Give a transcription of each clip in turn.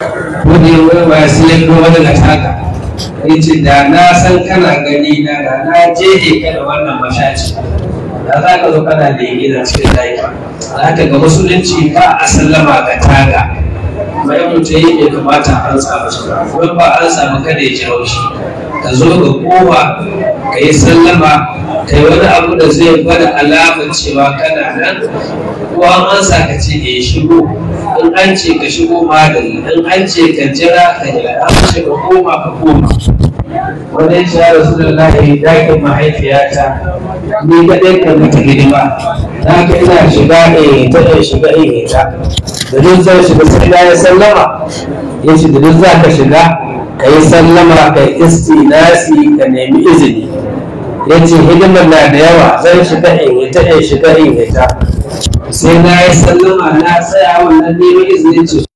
ko da yau ba sai ya ga wani lasaka yace da na san kana gani na da na je ka da wannan mashaci da za ka zo kana da yi da cikin laifa haka ga musulunci ba a sallama ga taga bayan mutum ya kamata an samu shi ba ba an samu kada ya ji haushi ka zo ga kowa ka yi sallama ka yi wani abu da zai bada alaƙa cewa kana nan ko an sa ka ce ya eh, shigo in an ce ka shigo magani in an ce ka jira ka yi an ce ka koma ka koma wani ya rasu da lahi dakin mahaifiyata ni kaɗai ka mutu hidima ta ka ina shiga ne eh, ta ɗan shiga ne eh, ta da duk zai shiga sai ya sallama ya ce da duk za ka shiga ka yi sallama ka yi istinasi ka nemi izini ya ce hidimar na da yawa zan shiga in hita in shiga in hita sai na yi sallama na tsaya wannan nemi izinin ce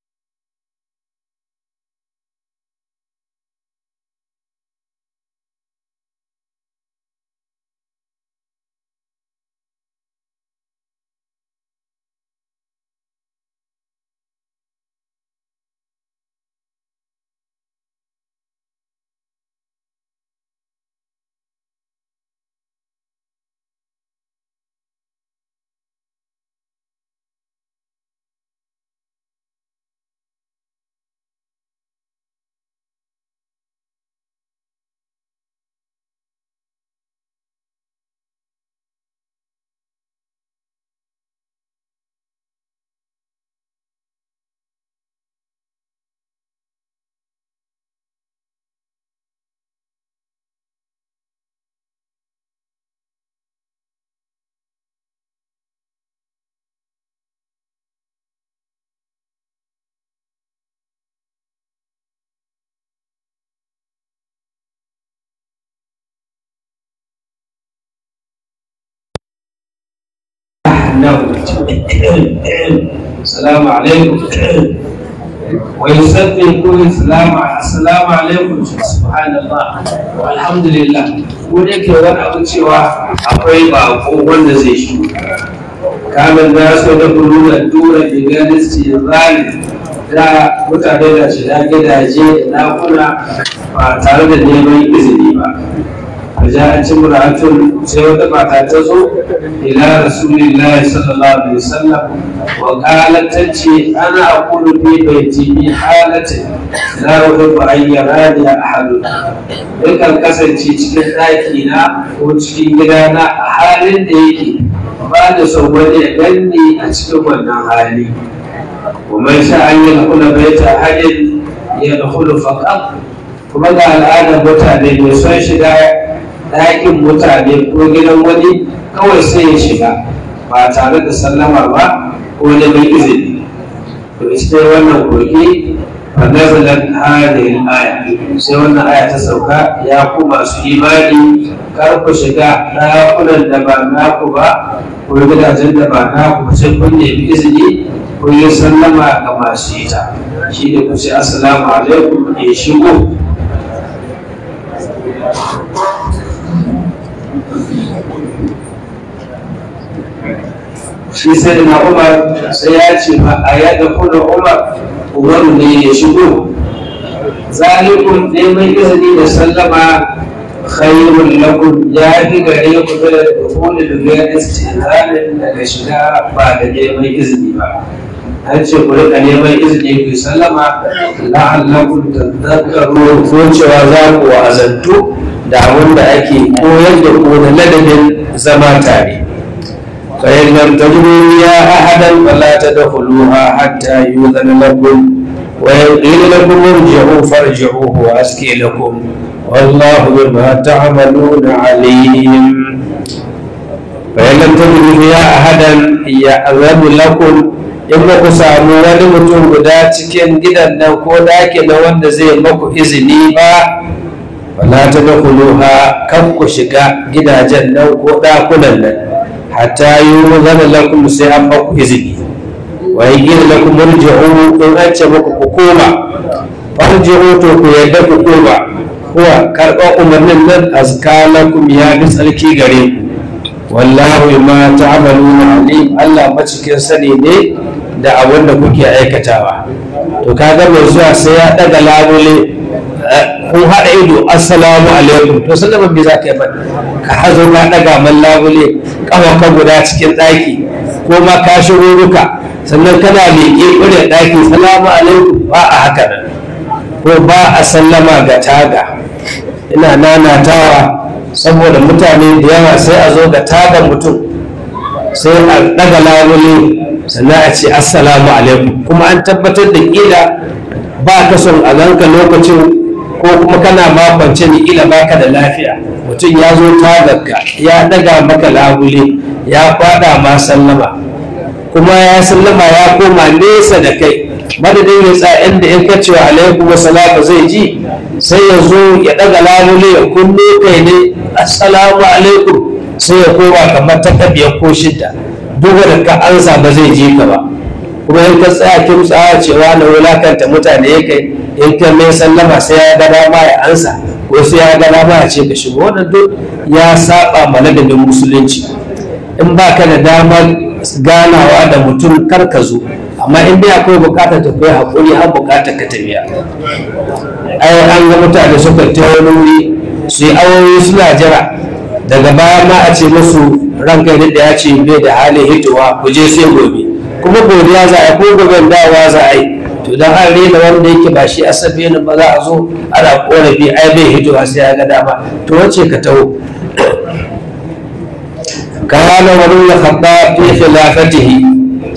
annahu salamu alaikum wa yusabbih kullu salamu assalamu alaikum subhanallah walhamdulillah ko da ke wani akwai bako wanda zai shi kamar da so da kuru da tura biganin sirrani da mutane da shiga gidaje da nakuna ba tare da neman izini ba majalacin buratun sai wata mata ta zo ila rasulillahi sallallahu alaihi wasallam wa qalat ta ce ana kullu bi baiti bi halati la rubba ayyara ya ahadu dai kan kasance cikin daki na ko cikin gida na halin da yake ba da sauwani ya ganni a cikin wannan hali kuma sha an yi kula baita halin ya da hulu faƙa kuma ga al'adar mutane mai son shiga ɗakin mutane ko gidan wani kawai sai ya shiga ba tare da sallama ba ko neman izini to ita wannan koki fa nazalat hadhihi al-aya sai wannan aya ta sauka ya ku masu imani kar ku shiga kunan da ba naku ba ko gidajen da ba naku sai kun nemi izini ko yin sallama ga masu ita shi ne ku sai assalamu alaikum ya shigo shi sai na umar sai ya ce ma a yaɗa kuna umar umaru ne ya shigo zalikun neman izini da sallama khairun lakum ya fi gare ku da dukkanin duniyar istihrarin daga shiga ba da neman izini ba an ce ku rika neman izini ku sallama la'allakum tadhakkaru ko cewa za ku wa'azantu da abin da ake koyar da ku da ladabin zama tare فإن لم تجدوا فيها أحدا فلا تدخلوها حتى يؤذن لكم وإن قيل لكم ارجعوا فارجعوا هو لكم والله بما تعملون عليم فإن لم تجدوا فيها أحدا يأذن لكم yamma ku samu wani mutum guda cikin gidan nan ko dake da wanda zai maku izini ba ba na ta da kuluha kan ku shiga gidajen nan ko dakunan nan ba hatta yuzana lakum sai an ba ku izini wa gina lakum irji'u in an ce muku ku koma farji'u to ku yadda ku koma kuwa karɓar umarnin nan azka lakum ya bi tsarki gare ku wallahu ma na alim Allah macikin sani ne da abin da kuke aikatawa to kaga mai zuwa sai ya daga labule ko haɗa ido assalamu alaikum to sallama me za ka yi ka hazo ka ɗaga man labule ka guda cikin ɗaki ko ma ka shigo ruka sannan kana leƙe ƙure ɗaki salamu alaikum ba a haka nan ko ba a sallama ga taga ina nanatawa saboda mutane da yawa sai a zo ga taga mutum sai a ɗaga labule sannan a ce assalamu alaikum kuma an tabbatar da ƙila ba ka son a ganka lokacin ko kuma kana ma ni ila baka da lafiya mutum ya zo ta gagga. ya daga maka labule ya faɗa ma sallama kuma ya sallama ya koma nesa da kai madadin ya tsaya da in ka cewa alaikum wasalama zai ji sai ya zo ya daga labule ya kullo kai ne assalamu alaikum sai ya koma kamar ta tabiyar ko shidda duk da ka ansa ba zai ji ka ba kuma in ka tsaya kimtsa cewa na wulakanta mutane ya kai in ka mai sallama sai ya gada ma ya ansa ko sai ya gada ma ya ce ka shigo wannan duk ya saba ma ladabin musulunci in ba ka da damar ganawa da mutum kar ka zo amma in dai akwai bukatar ta kai hakuri har bukatar ka tafiya ai an ga mutane suka tawo wuri su yi awoyi suna jira daga baya ma a ce musu ranka ne da ya ce bai da halin hitowa ku je sai gobe kuma godiya za a yi ko gobe dawa za a yi to idan an rena wanda yake ba shi ne ba za a zo ana korafi ai bai a sai ya ga dama to wace ka taho kana wani ya khabba fi khilafatihi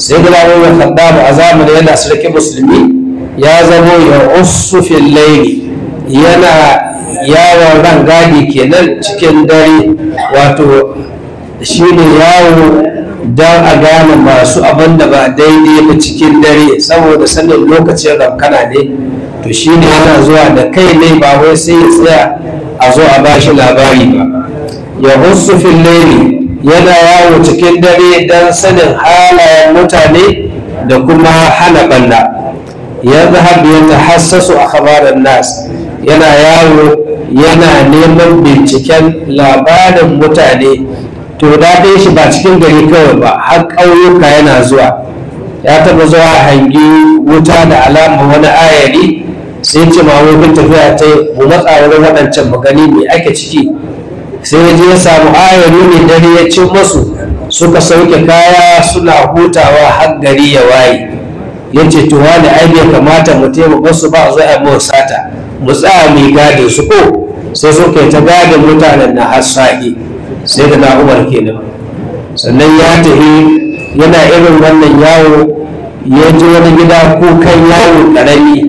sai da wani ya khabba ba a zamanin yana sarki musulmi ya zamo ya usu fil layl yana yawon rangadi kenan cikin dare wato shine yawo don a gane masu abin da ba daidai ba cikin dare saboda sanin lokacin rankana ne to shi ne yana zuwa da kai ne ba wai sai ya tsaya a zo a ba shi labari ba ya husu yana yawo cikin dare don sanin halayen mutane da kuma hana balla ya zahabi ya tahassasu a khabarin nas yana yawo yana neman binciken labarin mutane to da daɗin shi ba cikin gari kawai ba har ƙauyuka yana zuwa ya taɓa zuwa hangi wuta da alama wani ayari sai ce ma tafiya ta mu matsa wani waɗancan magani mai ake ciki sai ya je ya samu ayari mai dare ya ci masu suka sauke kaya suna hutawa har gari ya waye ya ce to wani ai bai kamata mu taimaka su ba zuwa mu sata mu tsaya mu gadin su ko sai suka yi ta gadin mutanen na har sa'i sai da na umar kenan sannan ya tafi yana irin wannan yawo ya ji wani gida kukan yawo ƙarami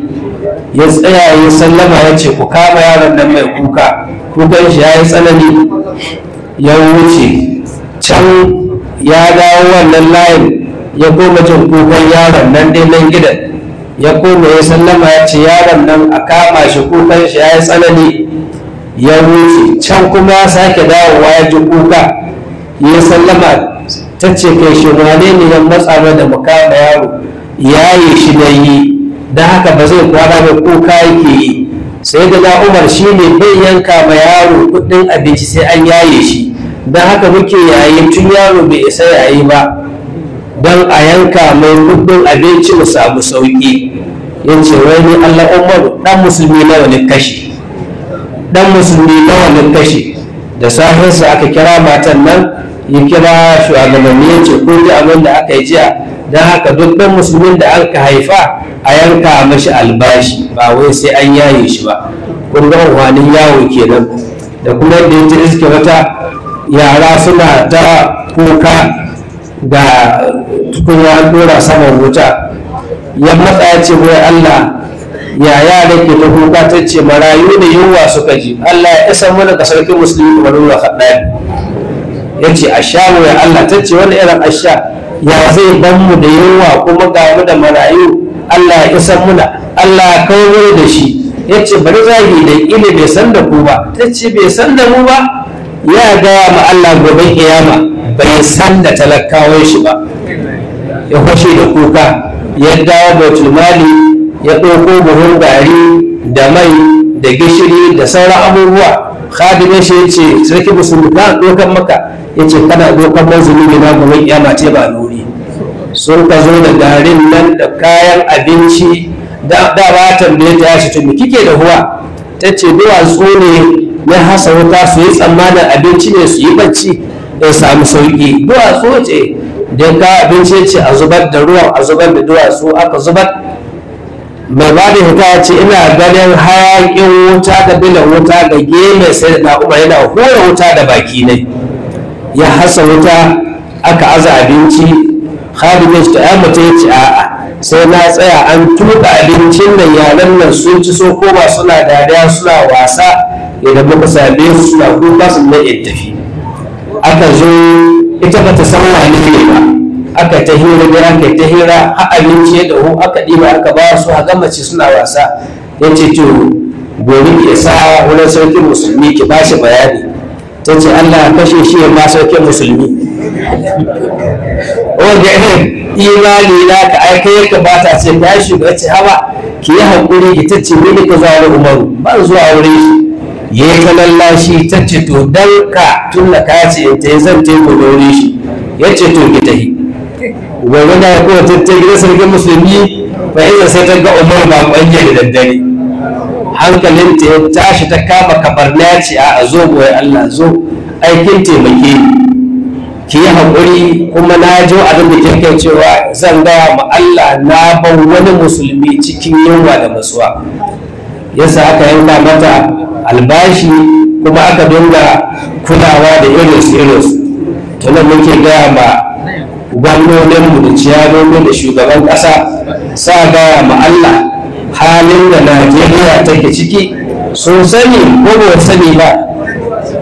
ya tsaya ya sallama ya ce ku kama yaron nan mai kuka kukan shi ya yi tsanani ya wuce can ya dawo wannan layin ya koma jin kukan yaron nan dai nan gidan ya koma ya sallama ya ce yaron nan a kama shi kukan shi ya yi tsanani ya wuce can kuma ya sake dawowa ya ji kuka ya sallama ta ce kai shi wane ne ya matsa da mukama yaro ya yi shi da yi don haka ba zai kwana mai kuka yake yi sai da na umar shi ne bai yanka ma yaro kudin abinci sai an yaye shi don haka muke yayi tun yaro bai isa yayi ba don a yanka mai kudin abinci mu samu sauki ya ce wani allah umar dan musulmi na wani kashi dan musulmi nawa ne kashe da sahinsa aka kira matan nan ya kira shugabanni ya ce ko ji abin da aka yi jiya don haka duk dan musulmin da aka haifa a yanka mashi albashi ba wai sai an yaye shi ba kun ga wani yawo kenan da kuma da ya ji iske wata yara suna ta kuka da tukunya dora saman wuta ya matsa ya ce wai Allah ya yara ke ta kuka ta ce marayu da yunwa suka ji Allah ya isa mana ka sarki musulmi kamar nuna haɗari ya ce a sha mu ya Allah ta ce wani irin a sha ya zai ban da yunwa kuma ga mu da marayu Allah ya isa mana. Allah ya kawo da shi ya ce bari zagi da ile bai san da ku ba ta ce bai san da mu ba ya gaya ma Allah gobe kiyama bai san da talakawai shi ba ya fashe da kuka ya dawo da mali ya ɗauko buhun gari da mai da gishiri da sauran abubuwa khadimin shi yace sarki musulmi na ɗaukan maka yace kana ɗaukan mazuni na gobe iya mace ba lori sun ka zo da garin nan da kayan abinci da ba tambaye ta yashi to kike da huwa ta ce duwatsu ne na hasa wuta su yi tsammanin abinci ne su yi bacci Ya samu sauki duwatsu ce da ka abinci ce a zubar da ruwan a zubar da duwatsu aka zubar mai ba da ce ina ganin hayakin wuta da bilan wuta da gemai sai da ɗaƙuma yana hura wuta da baki ne ya hasa wuta aka aza abinci khalidin shi ta mutum ya ce a'a sai na tsaya an tuka abincin nan yanan nan sun ci so koma suna dariya suna wasa idan muka same su suna kuka su ne tafi aka zo ita bata san wani ne ba aka ta hira gidan kai ta hira a abinci ya dahu aka ɗiba aka ba su a mace suna wasa ya ce to gobe ya sa wani sauƙin musulmi ki ba shi bayani ta ce allah kashe shi ya ma sauƙin musulmi wanda oh, irin imani na ka aika ya kamata ce shi shiga ce hawa ki yi haƙuri ki ce mini ka wani umaru ban zuwa wuri shi. ya yi ta lallashi ta ce to dan ka tun da ka ce ta yi zan taimaka wuri shi ya ce to ki tahi wani na ya kuma tattar gidan sarkin musulmi fahimta sai ta ga umar ba anya da daddare hankalin ta ya tashi ta kama na ce a zo goyi allah zo aikin taimake ki yi haƙuri kuma na ji abin da kirkin cewa zan gaya ma allah na ban wani musulmi cikin yunwa da masuwa yasa aka yanka mata albashi kuma aka dinga kulawa da irinsu irinsu tunan muke gaya ma gwamnoninmu da ciyarorin da shugaban ƙasa sa gaya ma Allah halin da Najeriya take ciki sun sani ko ba sani ba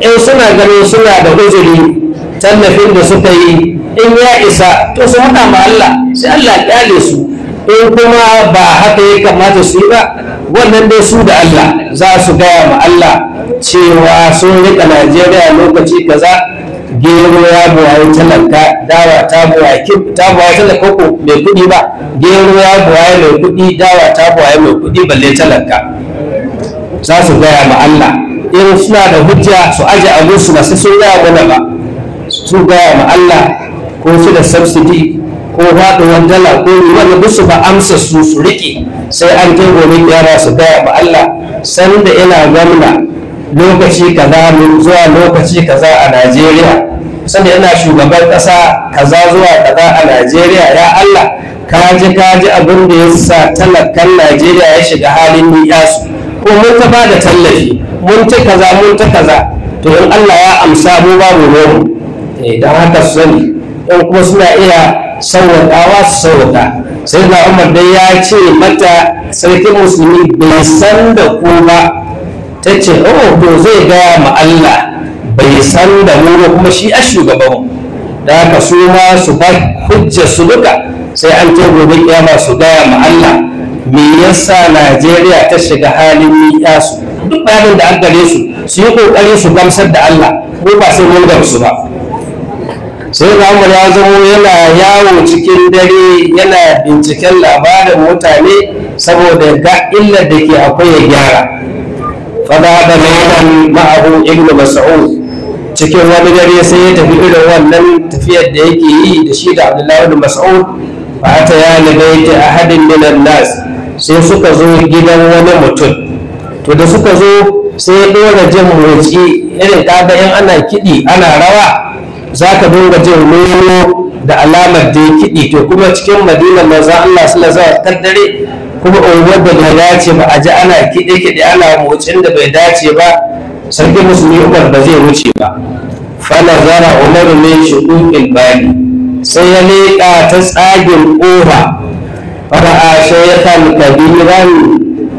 in suna ganin suna da uzuri tallafin da suka yi in ya isa to su haɗa ma Allah sai Allah ya su in kuma ba haka ya kamata su yi ba wannan dai su da Allah za su gaya ma Allah cewa sun riƙa Najeriya lokaci kaza gero ya buwaye talaka dawa ta buwaye ta buwaye talaka ko mai kuɗi ba gero ya buwaye mai kuɗi dawa ta buwaye mai kuɗi balle talaka za su gaya ma Allah irin suna da hujja su aje a musu ba sai sun gaya mana ba su gaya ma Allah ko su da subsidy ko faɗuwar dala ko wanda musu ba amsa su su riƙe sai an kai gobe kiyama su gaya ma Allah sanda ina gwamna lokaci kaza zuwa lokaci kaza a Najeriya sanda yana shugaban ƙasa kaza zuwa kaza a najeriya ya allah ka je-ka kaji abin da ya sa talakan najeriya ya shiga halin niyasu ko mun ta ba da tallafi mun ta kaza mun ta kaza to in allah ya amsa mu babu nomu Idan eh, haka su sani in kuma suna iya wa su sauwaƙa sai da umar dai ya ce mata sarkin musulmi bai san da ku ba ta ce oh to zai gaya ma allah bai san da mu ba kuma shi a shugaban da haka su ma su ba hujja su duka sai an ce gobe kiyama su gaya ma Allah me yasa Najeriya ta shiga halin miƙa su duk bayanin da an gare su su yi kokari su gamsar da Allah ko ba sai mun gamsu ba sai Umar ya zamo yana yawo cikin dare yana binciken labarin mutane saboda ga illar da ke akwai ya gyara fada da maidan ma'ahu ibnu mas'ud cikin wani dare sai ya tafi irin wannan tafiyar da yake yi da shi da abdullahi da mas'ud ba ta ya a hadin dinar nas sai suka zo gidan wani mutum to da suka zo sai ya dora jin motsi irin kaga in ana kiɗi ana rawa za ka dinga jin nono da alamar da ya kiɗi to kuma cikin madina maza Allah suna alaihi a dare kuma unguwar da bai dace ba a ji ana kiɗe-kiɗe ana motsin da bai dace ba sarkin musulmi ukar ba zai wuce ba fala zara umar shi shudukin bani sai ya leƙa ta tsagin ƙofa fara'a shayatan kabiran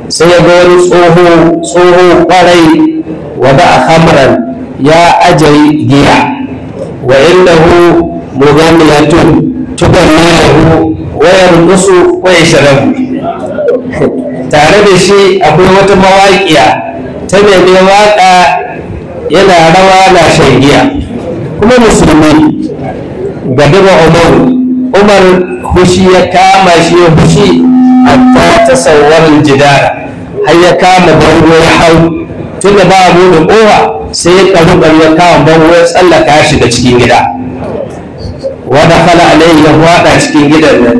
sai ya ga wani tsoho tsoho wa ba a hamran ya ajiye giya wa innahu mugamiyatun tubannahu wayar musu kwaye yashrabu tare da shi akwai wata mawaƙiya ta mai waƙa yana rawa na shaidiya. kuma musulmi ga duba umar umar hushi ya kama shi ya hushi a ta sauwarin jidara har ya kama bango ya hau tun da ba mu da kowa sai ya karu ya kama bango ya tsallaka shi da cikin gida wada fala alaihi ya wada cikin gidan nan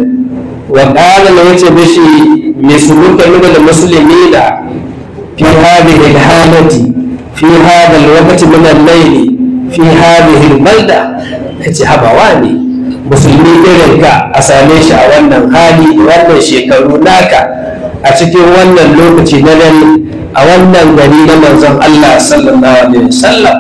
wa qala la yace bishi misluka min da muslimina في هذه الحالة في هذا الوقت من الليل في هذه البلدة kace haba wani musulmi irin ka a same shi a wannan hali wannan shekaru naka a cikin wannan lokaci na dare a wannan gari na manzon Allah sallallahu alaihi wasallam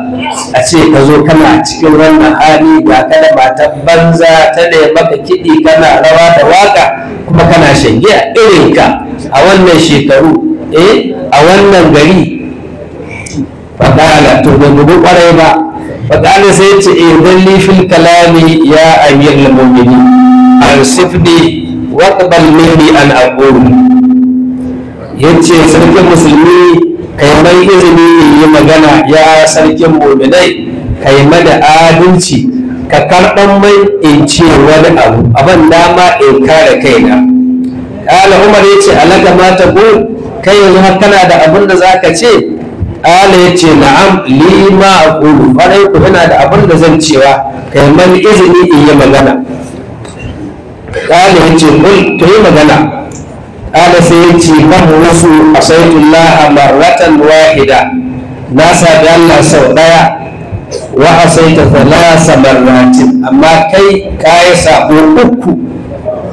a ce ka zo kana cikin wannan hali ga kana matan banza ta da maka kiɗi kana rawa da waka kuma kana shangiya irin ka a wannan shekaru eh a wannan gari faɗala to da gudu ƙwarai ba faɗala sai ce idan eh, lifin kalami ya amir lamomini an sifni waƙaɓar mini an aƙoru ya ce sarkin musulmi kai mai izini yi magana ya sarkin muminai kai mada adalci ka karɓar mai in ce wani abu abin dama in kare kaina ƙala umar ya ce alaka mata gol kai yanzu har kana da abin da za ka ce ala ya ce na'am lima a ƙulu farai ku yana da abin da zan cewa kai mani izini in yi magana ala ya ce kul to yi magana ala sai ya ce mu wasu a laha maratan wahida na sabi allah sau ɗaya wa asaita thalasa ratin. amma kai kayi sabo uku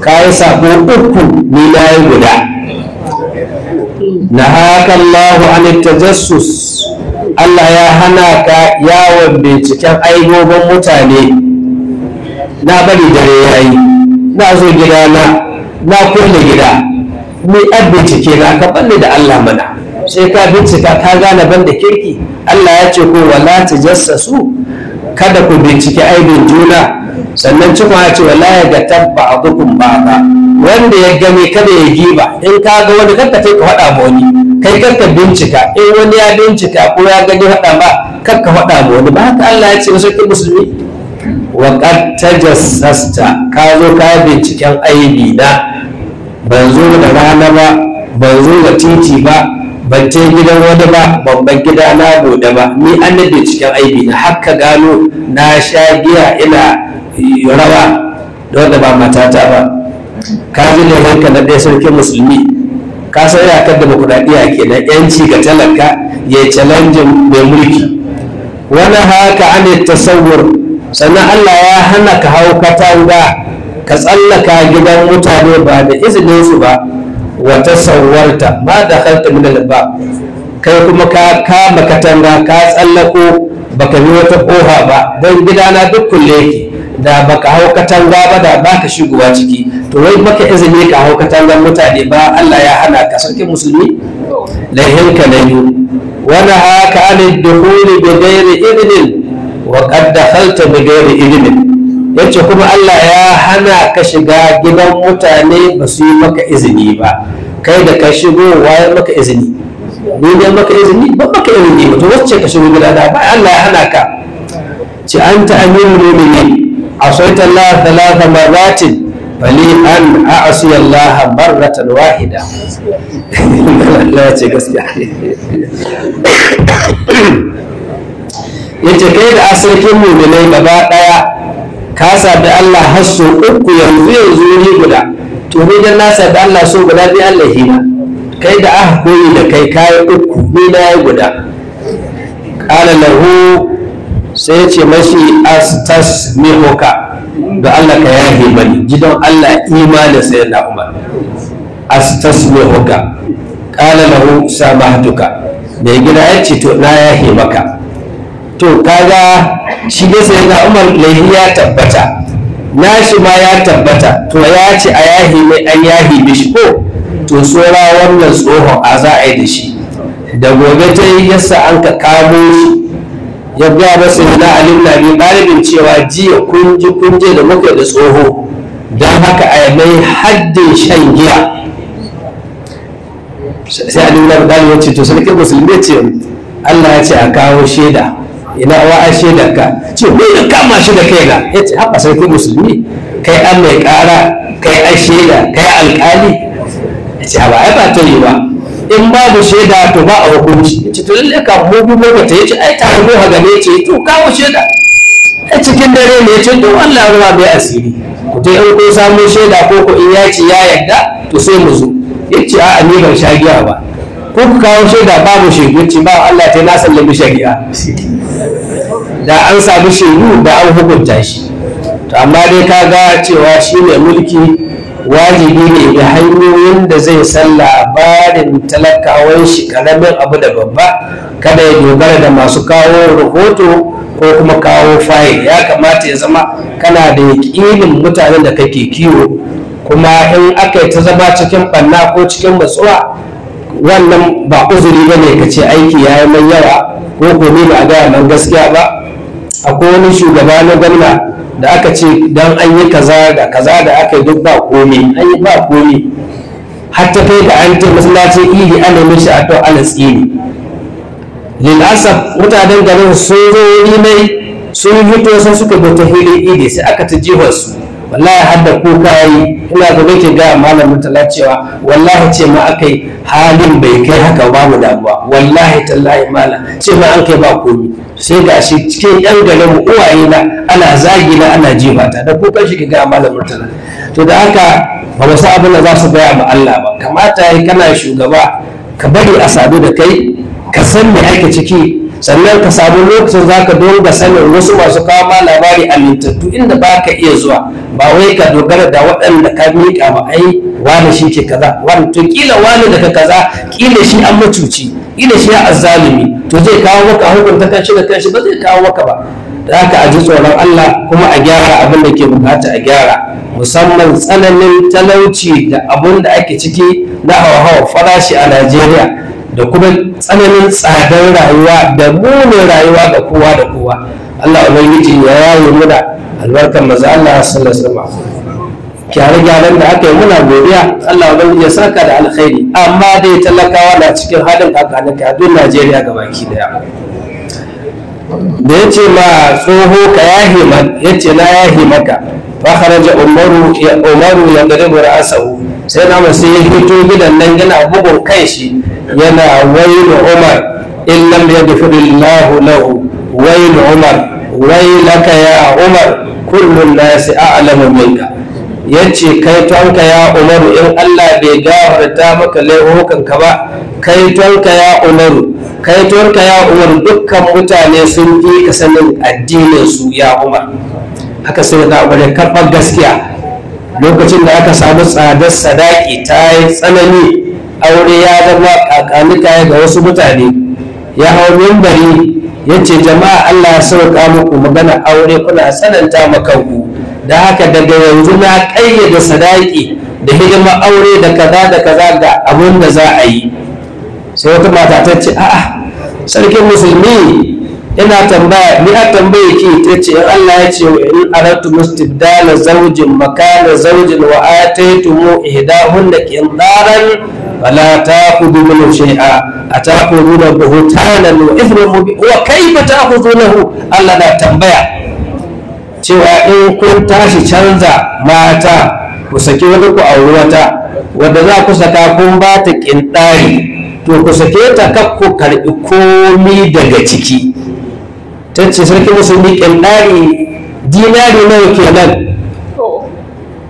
kayi sabo uku ni na yi guda nahaka Allah an tajassus Allah ya hana ka yawon binciken aibobin mutane na bari dare yayi na zo gida na na kulle gida mai ɗan bincike na ka balle da Allah mana sai ka bincika ka gane ban da kirki Allah ya ce ko wala tajassasu kada ku bincike aibin juna sannan cikon ya ce wala ya ga tabba a dukun ba wanda ya game kada ya giba in ka ga wani karka kai ka faɗa wani kai karka bincika in wani ya bincika ko ya gani faɗa ma karka faɗa ma wani ba haka Allah ya ce na sarkin musulmi wa kad tajassasta ka zo ka binciken aibi na ban zo da rana ba ban zo da titi ba ban je gidan wani ba babban gida na gode ba ni an da cikin aibi na haka gano na sha giya ina rawa da ba matata ba kaji ne neman na ɗaya sarkin musulmi ka san iyakar demokuraɗiyya na yanci ga talaka ya challenging mai mulki wani haka an tasawur sannan Allah ya hana ka hau katanga ka tsallaka gidan mutane ba da izinin su ba wa tasawarta ba da khalqa min ba kai kuma ka kama katanga ka tsallako baka yi wata koha ba don gidana duk kulle yake da baka hau katanga ba da baka shigowa ciki to wai baka izini ka hau katangar mutane ba Allah ya hana ka sarkin musulmi laihin ka na biyu wani haka alin duhuli bi gairi idinin wa qad dakhalta bi gairi idinin yace kuma Allah ya hana ka shiga gidan mutane ba su yi maka izini ba kai da ka shigo waye maka izini ne maka izini ba maka izini ba to wacce ka shigo gida da ba Allah ya hana ka ci anta ta amirul mu'minin عصيت الله ثلاث مرات فلي أن أعصي الله مرة واحدة لا تقصد yace kai da asirkin muminai gaba daya ka sabi Allah har so uku yanzu yanzu ni guda to ni dan na sabi Allah so guda bi Allah kai da aka koyi da kai kayi uku ni guda qala lahu sai ya ce mashi astasmi'uka da Allah ka yafe mani ji don Allah imanin sai na Umar astasmi'uka qala lahu sama hatuka da ya ce to na yafe maka to kaga shi dai sai na Umar laifi ya tabbata Na shi ma ya tabbata to ya ce a yahi mai an yahi shi? ko to tsora wannan tsohon a za a yi da shi da gobe ta yi yasa an ka kamo shi ya gaya masa na alim na bi ɗalibin cewa jiya kunji kunje da muka da tsoho don haka a mai haddin shan giya sai alim na ɗalibin ce to sarkin musulmi ya ce allah ya ce a kawo shaida ina wa a shaidar ka ce ni da kama shi da kai na ya ce haka sarkin musulmi kai an mai ƙara kai a shaida kai alƙali ya ce ba yi ba ta yi ba in ba da shaida to ba a hukunci ce to lalle ka mu bi mu ta yace ai ta mu ha gane ce, to kawo shaida a cikin dare ne yace to Allah ruwa bai asiri ku dai an ko samu shaida ko ko in yace ya yadda to sai mu zo yace a ni ban sha giya ba ko ku kawo shaida babu shaidu yace ba Allah ta na sallami shari'a da an samu shaidu da an hukunta shi to amma dai ka ga cewa shi ne mulki wajibi ne da hanyoyin da zai san labarin talakawan shi karamin abu da babba kada ya dogara da masu kawo rahoto ko kuma kawo fayil ya kamata ya zama kana da yakinin mutanen da kake kiwo kuma in aka yi ta zama cikin ɓanna ko cikin matsuwa wannan ba uzuri ba ne ka ce aiki ya yi yawa ko ko ba a gaya man gaskiya ba akwai wani shugaba na gwamna da aka ce don an yi kaza da kaza da aka yi duk ba komai an yi ba komi har kai da an ce masallaci idi ana mishi a to ana tsini lil'asaf mutanen garin sun zo wuri mai sun fito sun suka bauta hili idi sai aka ta jihar su wallahi hadda kuka yi ina gobe ke ga malamin tala cewa wallahi ce ma akai halin bai kai haka babu damuwa wallahi tallahi mala ce ma an kai ba komi sai ga shi cikin yan garin mu uwaye na ana zagi na ana jifata da kuka shi ga malamin tala to da haka ba wasu abin da za su gaya ma Allah ba kamata yi kana shugaba ka bari a sadu da kai ka san me ake ciki sannan ka samu lokacin za ka dinga sanin wasu masu kawo ma labari littattu inda ba ka iya zuwa ba wai ka dogara da waɗanda ka miƙa ba ai wani shi ke kaza wani to kila wani daga kaza kila shi an macuci kila shi a azzalumi to zai kawo maka hukunta kan shi da kan shi ba zai kawo maka ba da haka a tsoron Allah kuma a gyara abin da ke bukata a gyara musamman tsananin talauci da abin da ake ciki na hawa-hawa farashi a Najeriya da kuma tsananin tsadar rayuwa da munin rayuwa ga kowa da kowa Allah ubangiji ya yaye muna albarkar maza Allah sallallahu alaihi wasallam kyare da aka yi muna godiya Allah ubangiji ya saka da alkhairi amma dai talakawa na cikin halin kakanika duk Najeriya ga baki daya da ya ce ma tsoho ka yahi man yace na yahi maka fa kharaja umaru ya umaru ya garibu ra'asahu sai na sai ya fito gidan nan yana bugun kai shi yana wayin umar in lam yaghfir Allahu lahu wayin umar wailaka ya umar kullun nasi a'lamu minka yace kai tonka ya umaru in Allah bai gafarta maka laifukan ka ba kai tonka ya umaru kai tonka ya Umar dukkan mutane sun fi ka sanin addinin su ya umar haka sai da umar karɓar gaskiya lokacin da aka samu tsadar sadaki ta yi tsanani aure ya zama kakanika ga wasu mutane ya hau mimbari ya ce jama'a Allah ya sauka muku magana aure kuna sananta makanku da haka daga yanzu na ƙayyade sadaki da hidima aure da kaza da kaza ga abun da za a yi sai wata mata ta ce a'a sarkin musulmi ina tambaya ni a tambaye ki ta ce Allah ya ce in aratu mustibdala zaujin makana zaujin wa ataytumu ihdahunna qindaran فلا تأخذوا منه شيئا أتأخذونه بهتانا وإثما مبينا وكيف تأخذونه ألا لا تنبيع cewa in kun tashi canza mata ku saki wani ku auri wata wadda za ku saka kun ba ta ƙinɗari to ku sake ta kaf ku karɓi komi daga ciki ta ce sarki musulmi ƙinɗari dinari nawa kenan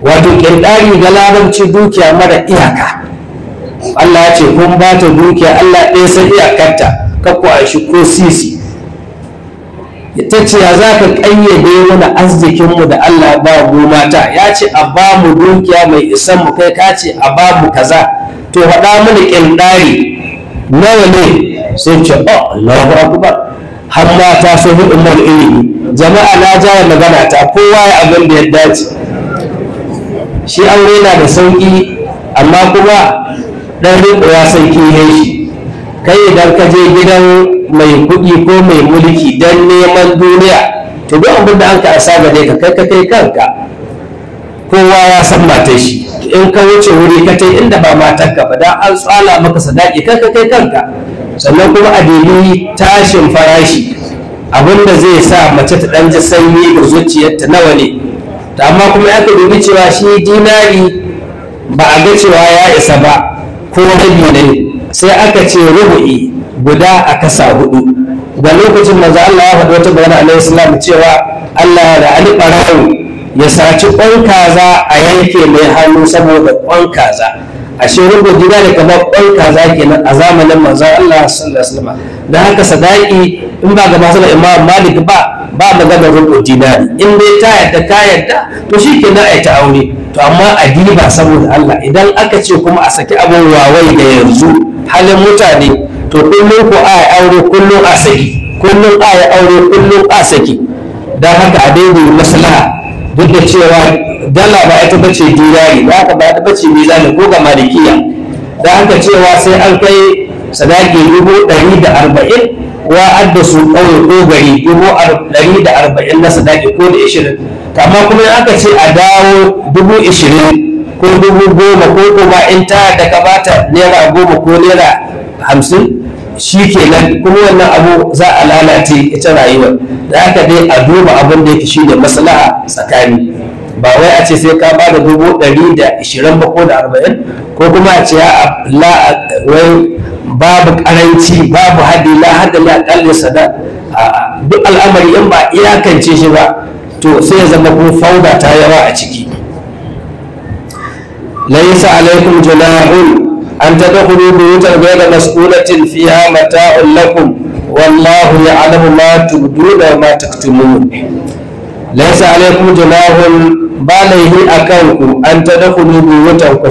wato ƙinɗari ga larabci dukiya mara iyaka Allah ya ce kun ba ta dukiya Allah ɗaya san iyakarta ka kwashi ko sisi ta ce ya za ka ƙayyade mana arzikinmu da Allah ba mu mata ya ce a ba mu dukiya mai isan mu kai ka ce a ba mu kaza to faɗa mana ƙindari nawa ne sai ce oh Allahu akbar har ta so hudu mal ilimi jama'a na ya magana ta kowa ya abin da ya dace shi aure na da sauƙi amma kuma dan riko ya san kire shi kai idan ka je gidan mai kuɗi ko mai mulki dan neman duniya to duk abin da an ka asa gare ka kai ka kai kanka kowa ya san matar shi in ka wuce wuri ka tai inda ba ka ba dan an tsala maka sadaki kai ka kai kanka sannan kuma a dubi tashin farashi abin da zai sa mace ta dan ji sanyi da zuciyarta nawa ne amma kuma aka dubi cewa shi dinari ba a ga cewa ya isa ba ko rabi ne sai aka ce rubu'i guda a kasa hudu ga lokacin manzo Allah ya faɗi wata bayani alaihi salam cewa Allah da Ali Barau ya saci ƙwan kaza a yanke mai hannu saboda ƙwan kaza ashe rubu gida ne kamar ƙwan kaza kenan a zamanin manzo Allah sallallahu alaihi wasallam da haka sadaki in ba ga masu imam Malik ba ba magana rubu dinari in dai ta yadda ta yadda to shikenan ai ta aure to amma a ba saboda Allah idan aka ce kuma a saki abin wawai da yanzu halin mutane to kullum ko a aure kullum a saki kullum a aure kullum a saki don haka a daidai maslaha duk da cewa dala ba ita bace dinari ba ka ba ita bace mizani ko ga malikiya don haka cewa sai an kai sadaki dubu ɗari da arba'in wa adda su ƙauye ko gari dubu ɗari da arba'in na sadaki ko da ishirin amma kuma aka ce a dawo dubu ishirin ko dubu goma ko kuma in ta da ka bata naira goma ko naira hamsin shi ke nan, kuma wannan abu za a lalace ita rayuwar da aka dai a duba abin da yake shi da maslaha tsakani ba wai a ce sai ka ba da dubu ɗari da ishirin ba ko da arba'in ko kuma a ce a wai babu karanci babu haɗi la haɗa la ƙalli sada duk al'amari in ba iyakance shi ba to sai ya zama kuma fauda ta yawa a ciki laisa alaikum junahun an tadkhulu buyutan ghayra mas'ulatin fiha mata'un lakum wallahu ya'lamu ma tubduna wa ma taktumun laisa alaikum junahun ba laihi a kanku an ta da ku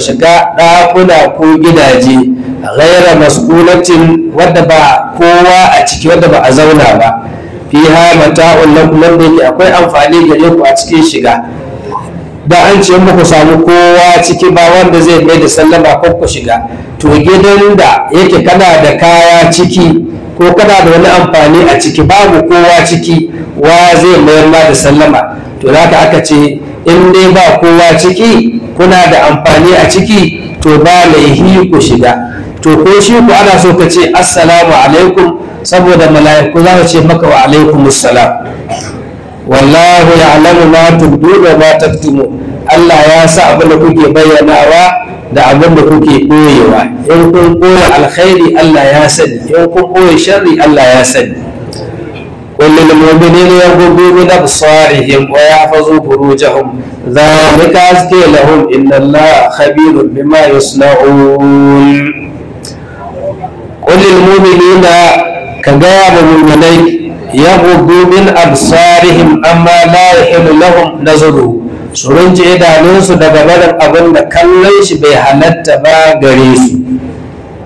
shiga ɗakuna ko gidaje ghaira mas'ulatin wadda ba kowa a ciki wadda ba a zauna ba fiha mata'un lakum wanda akwai amfani gare ku a cikin shiga da an ce muku samu kowa ciki ba wanda zai bai da sallama ko ku shiga to gidan da yake kana da kaya ciki ko kana da wani amfani a ciki babu kowa ciki wa zai mayar ma da sallama to haka aka ce in dai ba kowa ciki kuna da amfani a ciki to ba laihi ku shiga to ko shi ku ana so ka ce assalamu alaikum saboda mala'iku za ce maka wa alaikum assalam wallahu ya'lamu ma tubduna ma taktumu Allah ya sa abin da kuke bayyanawa da abin da kuke koyewa in kun koya alkhairi Allah ya sani in kun koya sharri Allah ya sani kullu lil ya yaghuddu min absarihim wa yahfazu furujahum dhalika azka lahum inna Allah khabirun bima yasna'un قل mu'minina ka gaya wa mu'minai yaghuddu min لا amma لهم yahillu lahum nazuru su idanunsu daga barin abin da kallon shi bai halatta ba gare su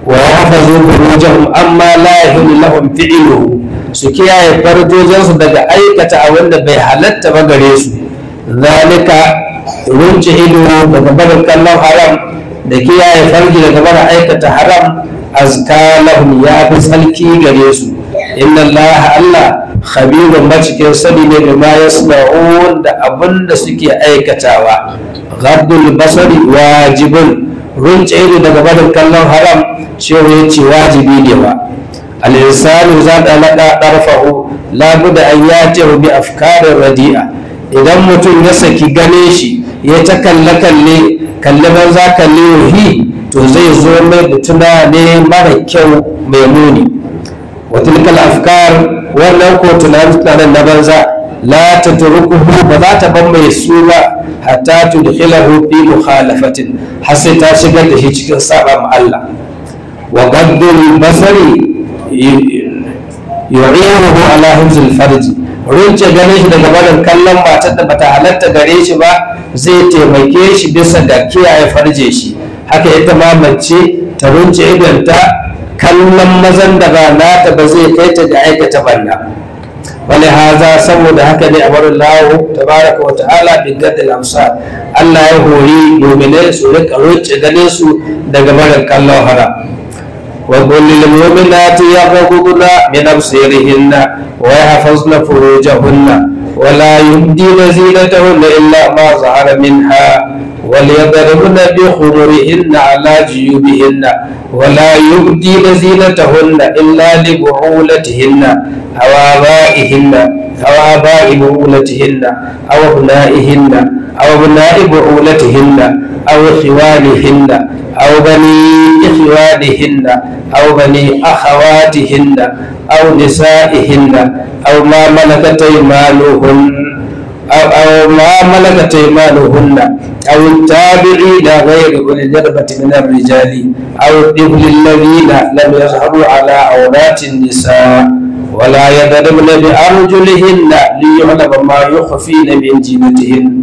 wa yahfazu furujahum amma la yahillu lahum fi'luhu su kiyaye farjojinsu daga aikata abin da bai halatta ba gare su zalika rinje ido daga barin kallon haram da kiyaye farji daga barin aikata haram azka lahum ya fi tsalki gare su inna Allah Allah khabirun macikin sani ne da ma yasma'un da abin da suke aikatawa ghaddul basari wajibun runce ido daga barin kallon haram cewa yace wajibi ne ba al-insanu za ta lada darfahu labuda an yajihu bi afkarin radi'a idan mutum ya saki gane shi ya ta kalle kalle kalle banza kalle yuhi to zai zo mai da tunani mara kyau mai muni watilkal afkar wannan ko tunanin tunanin na banza la ta ba za ta ban mai su ba hatta tudkhilahu fi mukhalafatin har ta shigar da shi cikin saba ma Allah wa gaddul basari yu'iruhu ala himzil farji rince ganin shi daga barin kallon matar da bata halatta gare shi ba zai taimake shi bisa da kiyaye farje shi haka ita ma mace ta runce ta, kallon mazan da ba nata ba zai kai ta da aikata banna wani haza saboda haka ne a barin lawo ta baraka wata ala bigar da lamsa Allah ya hori mominai su rika runce ganin su daga barin kallon hara wagon lilin mominati ya gogo guda min absirin hinna wa ya hafaz na furojahunna wala yundi na zinatahunna illa ma zahara min ha وليضربن بخمرهن على جيوبهن ولا يبدين زينتهن إلا لبعولتهن أو آبائهن أو آباء بعولتهن أو أبنائهن أو أبناء بعولتهن أو إخوانهن أو بني إخوانهن أو بني أخواتهن أو نسائهن أو ما ملكت أيمانهن أو, أو ما ملكت أيمانهن أو التابعين غير أولي الإربة من الرجال أو الطفل الذين لم يظهروا على عورات النساء ولا يضربن بأرجلهن ليعلم ما يخفين من زينتهن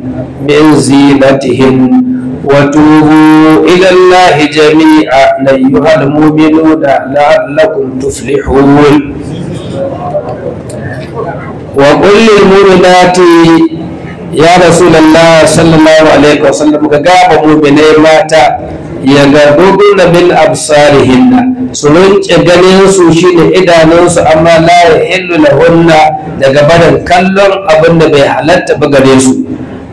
من زينتهن وتوبوا إلى الله جميعا أيها المؤمنون لعلكم تفلحون wa kullil mu'minati ya rasulullah sallallahu alaihi wasallam ka gaba mu'minai mata ya gardudu da min absarihinna su rinke ganin su ne idanunsu amma la yahillu hunna daga barin kallon abin da bai halatta ba gare su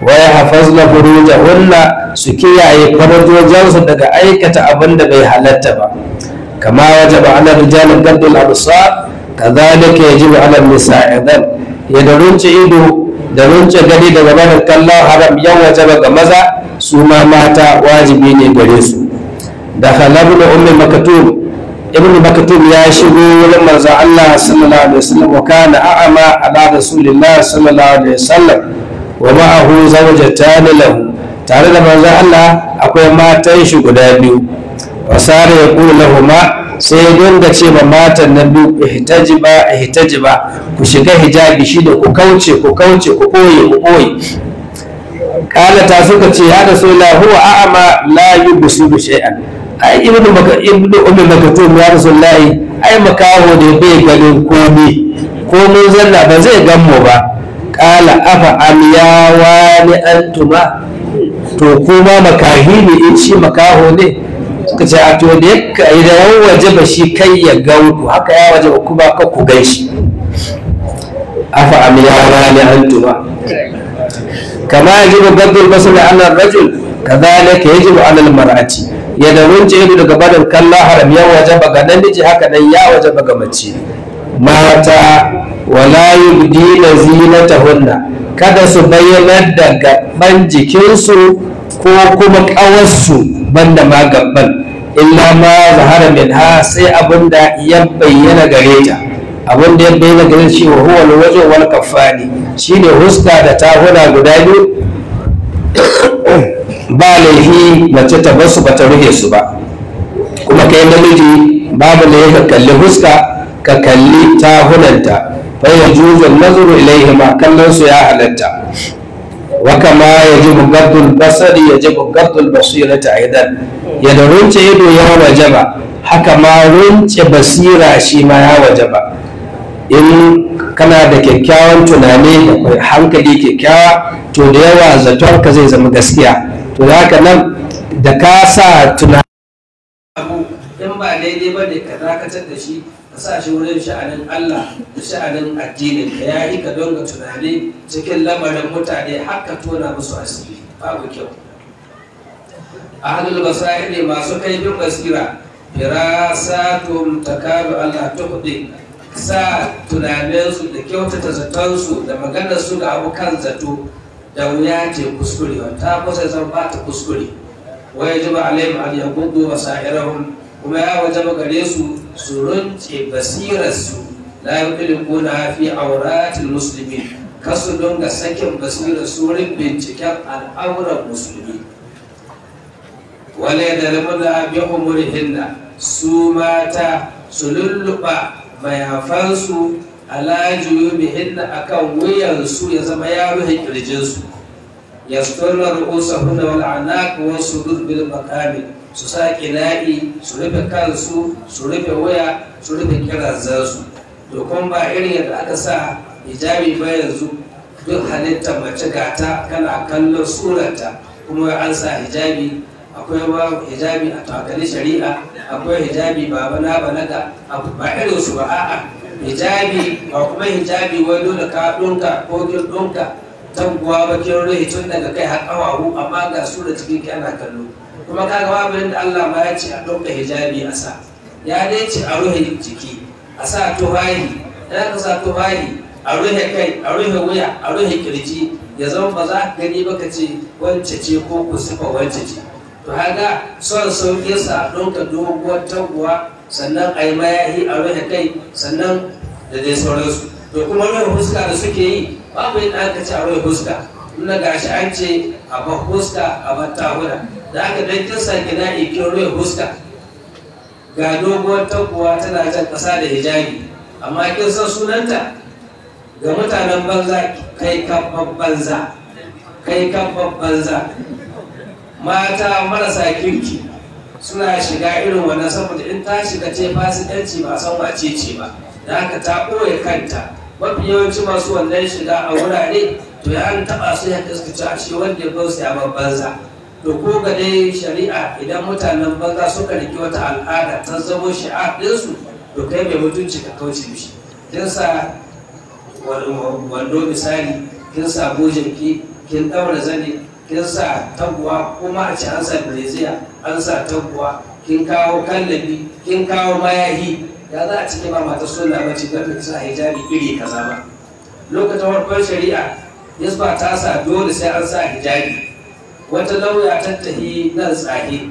wa ya hafazna hunna su kiyaye farjojensu daga aikata abin da bai halatta ba kama وجب على الرجال غض الابصار كذلك يجب على النساء ya da runce ido da runce gani daga mara kallon haram yan waje ga maza su ma mata wajibi ne gare su da da ummi makatum Ibn umm makatum ya shigo wurin manzo Allah sallallahu alaihi wasallam wa kana a'ama ala rasulillah sallallahu alaihi wasallam wa ma'ahu zawjatan lahu tare da manzo Allah akwai matan shi guda biyu fasara ya kula huma sai dinga ce ma matan nan duk ihtaji ba ihtaji ba ku shiga hijabi shi da ku kauce ku kauce ku koye ku koye kala ta suka ce ya da sola huwa a'ama la yubsiru shay'an ai ibnu maka ibnu ummi makatum ya rasulullahi ai makaho ne bai ganin komai komai zanna ba zai gan mu ba kala afa ya wani antuma to kuma makahi ne in shi makaho ne suka ce a to da ya waje ba shi kai ya gan ku haka ya waje ba kuma ka ku gan shi afa amiya ba ne an tuma kama yajibu gaddul basar da ana rajul kazalika yajibu alal mar'ati ya da runce ido daga barin kalla haram ya waje ba ga namiji haka nan ya waje ba ga mace mata wala yubdina zinatahunna kada su bayyanar daga gaban jikinsu ko kuma ƙawarsu banda ma gabban illa ma zahara min ha sai abin da ya bayyana gare ta abin da ya bayyana gare shi huwa alwajh wal kafani shine huska da ta huna guda biyu ba laifi mace ta basu su ba ta rufe su ba kuma kai namiji babu da ka kalli huska ka kalli ta hunanta fa yajuzu an nazuru ilayhima kallon su ya halatta wakama ma jibu gardun basari ya jibu gardun basira ta aidan ya da runce ido ya waje ba haka ma runce basira shi ma ya waje ba in kana da kyakkyawan tunani da hankali kyakkyawa to da yawa zaton ka zai zama gaskiya to da haka tunani in ba daidai ba ka zaka da shi A sa shi wurin sha'anin Allah da sha'anin addinin ka ya yi ka donga tunani cikin lamarin mutane haka tona musu asiri babu kyau ahlul ne masu kaifin basira firasatum takalu Allah kuɗi sa tunaninsu da kyautata zatonsu da maganarsu abu abokan zato da wuya ce kuskure ta kusa zan ba ta kuskure wa yajibu alaihim an yaqudu basairahum kuma ya wajaba gare su su runce basirarsu la yudlikuna fi auratil musulmi kasu dinga sakin basirar surin binciken al'auran musulmi wale da abi bi umurihinna su mata su lulluɓa mayafansu ala a akan wuyansu ya zama ya rufe kirjinsu yasturna ru'usahunna wal anaq wa su bil makamin. su sa na'i su rufe kansu su rufe waya su rufe kirazansu to kuma ba irin yadda aka sa hijabi ba yanzu duk halittar mace gata kana kallon surarta kuma an sa hijabi akwai ba hijabi a takali shari'a akwai hijabi ba na abu. ba irin su ba a'a hijabi ba kuma hijabi wai dole ka ɗunka ko kin ɗunka kuwa ba kin ruhi tun daga kai har ƙafafu amma ga sura cikin ki ana kallo kuma ka kaga babu da Allah ma ya ce a ɗauka hijabi a sa ya dai ce a ruhe jiki a sa tufahi ya ka sa tufahi a ruhe kai a ruhe wuya a ruhe kirji ya zama ba za ka gani ba ka ce wance ce ko ku sifa wance ce to haka son sauƙin sa a ɗauka doguwar taguwa sannan a yi mayahi a ruhe kai sannan da dai sauransu to kuma ruhe fuska da suke yi babu yadda aka ce a ruhe fuska nuna gashi an ce a ba fuska a ba tahuna da aka ta kisa gina ikin ruwa huska ga doguwar tankuwa tana jan kasa da hijabi amma kin san sunanta ga mutanen banza kai kan banza kai kan banza mata marasa kirki suna shiga irin wannan saboda in ta shiga ce fasikanci ba san wace ce ba da aka ta ɓoye kanta mafi yawanci masu wannan shiga a wurare to ya an taɓa su ya kaskace a shi wanda ya bausa ya banza to ko ga dai shari'a idan mutanen banza suka riki wata al'ada ta zamo shi'a ɗinsu to kai mai mutunci ka kauce mishi kin sa wando misali kin sa ki, kin ɗaura zane kin sa taguwa kuma a ci an sa breziya an sa taguwa kin kawo kallabi kin kawo mayahi ya za a cike ba mata suna ba ce don sa hijabi iri kaza ba lokacin farkon shari'a yasba ta sa dole sai an sa hijabi wata lauya ta tahi nan tsahi,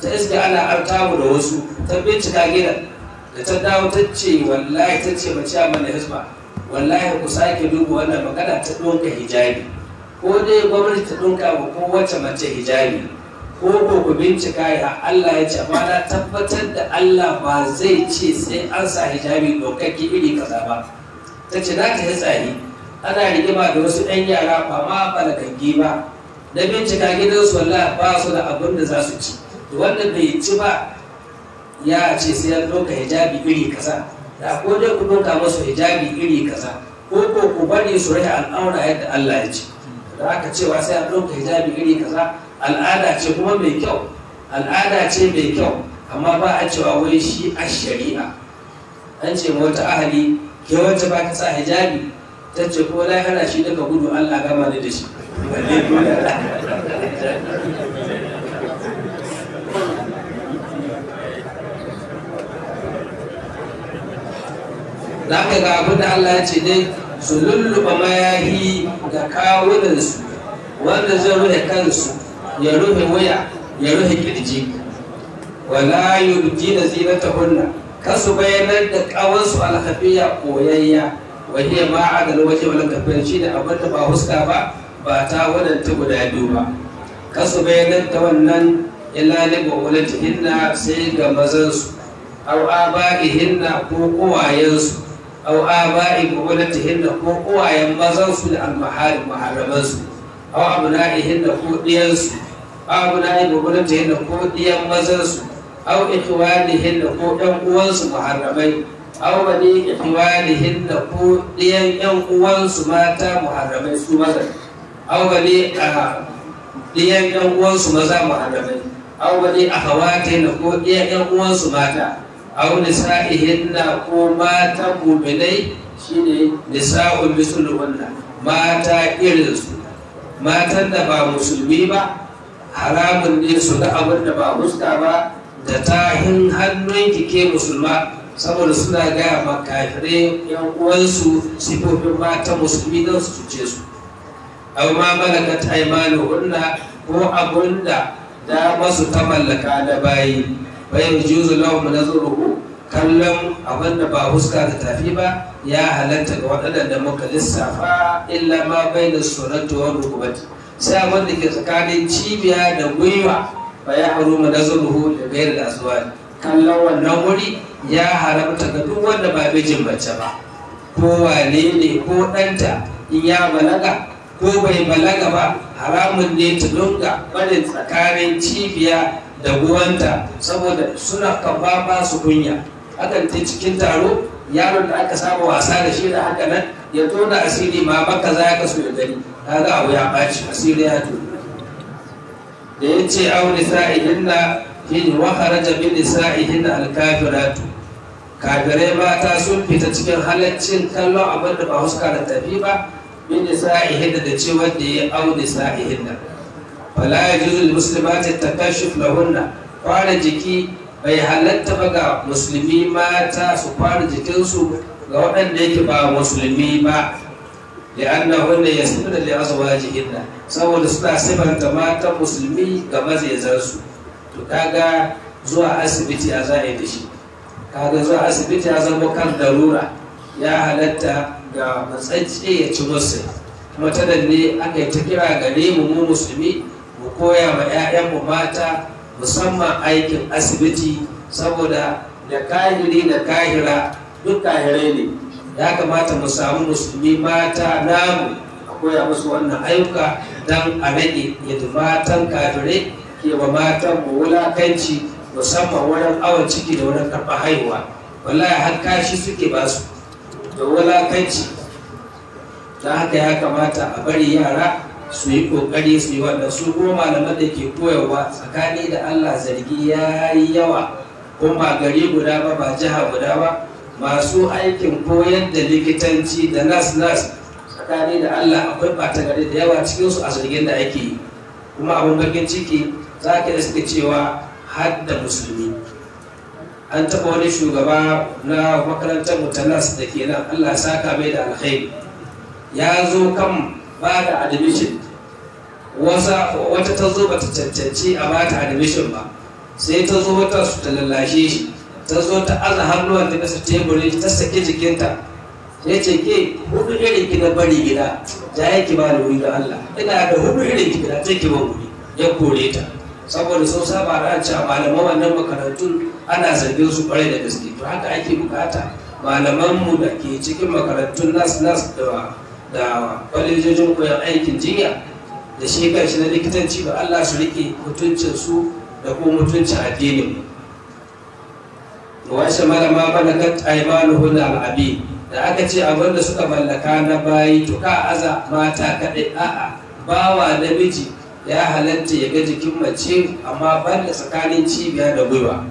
ta iske ana artamu da wasu ta bincika gidan da ta dawo ta ce wallahi ta ce mace a mana hisba wallahi ku sake duba wannan magana ta ɗonka hijabi ko dai gwamnati ta ɗonka wa kowace mace hijabi ko ko ku bincika ya Allah ya ce ba na tabbatar da Allah ba zai ce sai an sa hijabi ɗaukakke iri kaza ba ta ce na ta yi tsari ana rigima da wasu 'yan yara ba ma balakangi ba na bincika gidansu wallah ba su da abin da za su ci wanda bai ci ba ya ce sai ya ɗauka hijabi iri kaza da ko dai ku ɗauka masu hijabi iri kaza ko ko ku bari su rahe al'aura yadda Allah ya ce da aka cewa sai an ɗauka hijabi iri kaza al'ada ce kuma mai kyau al'ada ce mai kyau amma ba a cewa wai shi a shari'a an ce wata ahali ke wacce ba ka sa hijabi ta ce ko lai hana shi daga gudu Allah gama da shi za ga abin da Allah ya ce dai su lulluɓa mayahi ga kawunansu wanda zai rufe kansu ya rufe waya ya rufe kirji wala yubdi da ta hunna kasu bayanar da kawansu alhafiya koyayya wahiya ma a da lokacin wala kafin shi da abin da ba huska ba ba ta wadanta guda biyu ba kasu bai ta wannan ila liba hinna sai ga mazansu au hinna ko su au aba'i hinna ko kowayen su da almahari maharamansu au hinna ko su au abna'i ko diyan mazansu au hinna ko ɗan uwansu maharamai aw bani ihwanihin hinna ko ɗiyan ƴan uwansu mata maharamai su maza aw bali a ɗiyan ƴan uwansu maza muharramai aw bali a hawate na ko ɗiyan ƴan uwansu mata aw nisa'ihinna ko mata mu'minai shine nisau mislunna mata irin su matan da ba musulmi ba haramun ne su ga abin da ba musta ba da tahin hannun kike musulma saboda suna gaya ma kafirai ƴan uwansu sifofin mata musulmi don su cuce su aw ma malakat ko abunda da masu ta mallaka da bayi bai juzu kallon abin da ba huska da tafi ba ya halatta ga waɗanda muka lissafa illa ma bai da sunan wa rukubati sai abin da ke tsakanin cibiya da gwiwa ba ya haru ma zurhu da da zuwa kallon wannan wuri ya haramta ga duk wanda ba mijin mace ba ko wane ne ko ɗanta in ya balaga ko bai balaga ba haramun ne ta dunga barin tsakanin cibiya da guwanta saboda suna kafa ba su kunya hakan ta cikin taro yaron da aka saba wasa da shi da haka nan ya tona asiri ma baka za ka so da gani ga abu ya baci asiri ya to da ya ce au nisa'ihinna hin wa kharaja min nisa'ihinna al-kafiratu kafirai mata sun fita cikin halaccin kallon abin da ba huska da tafi ba min nisa'ihinna da ce wanda ya au nisa'ihinna fala yajuzu muslimati takashuf lahunna kwana jiki bai halatta ba ga musulmi mata su kwana jikinsu ga waɗanda yake ba musulmi ba li'annahunna yasmuna li azwajihinna saboda suna sifanta matan musulmi ga mazaizansu to kaga zuwa asibiti a za'a da kaga zuwa asibiti ya zama kan darura ya halatta ga matsatse ya ci musu kuma ta ne aka yi ta kira gare mu mu musulmi mu koya ma mu mata musamman aikin asibiti saboda da kahiri da kahira duk kahirai ne ya kamata mu samu musulmi mata namu a koya musu wannan ayyuka don a rage yadda matan kafirai ke wa matan mu wulakanci musamman wurin awon ciki da wurin karɓar haihuwa wallahi har kashi suke basu da wulakanci ta haka ya kamata a bari yara su yi kokari su yi wanda su ko malaman da ke koyarwa tsakani da allah zargi ya yi yawa kuma gari guda ba ba jiha guda ba masu aikin koyar da likitanci da nas nas tsakani da allah akwai ɓata gari da yawa cikinsu a zargin da ake yi kuma abin bakin ciki za ka suka cewa "Hadda musulmi an taɓa wani shugaba na makarantar mutanas da ke nan allah saka mai da alkhairi ya zo kan ba da admission wata ta zo bata cancanci a ba ta admission ba sai ta zo wata su ta lallashe shi ta zo ta aza hannuwan ta kasa teburi ta sake jikinta ya ce ke hudu irin ki na bari gida ja yake ba da wuri da allah ina da hudu irin ki gida take ba wuri ya kore ta saboda sun saba da cewa malaman wannan makarantun ana zargin su kwarai da gaske to haka ake bukata malaman mu da ke cikin makarantun nas nas da da kwalejojin koyon aikin jinya da shi kanshi na likitanci ba Allah su rike mutuncin su da kuma mutuncin addinin mu washe malama malakat aymanuhun al'abi da aka ce abin da suka mallaka na bayi to ka aza mata kaɗai a'a bawa namiji ya halatta ya ga jikin mace amma ban da tsakanin cibiya da gwiwa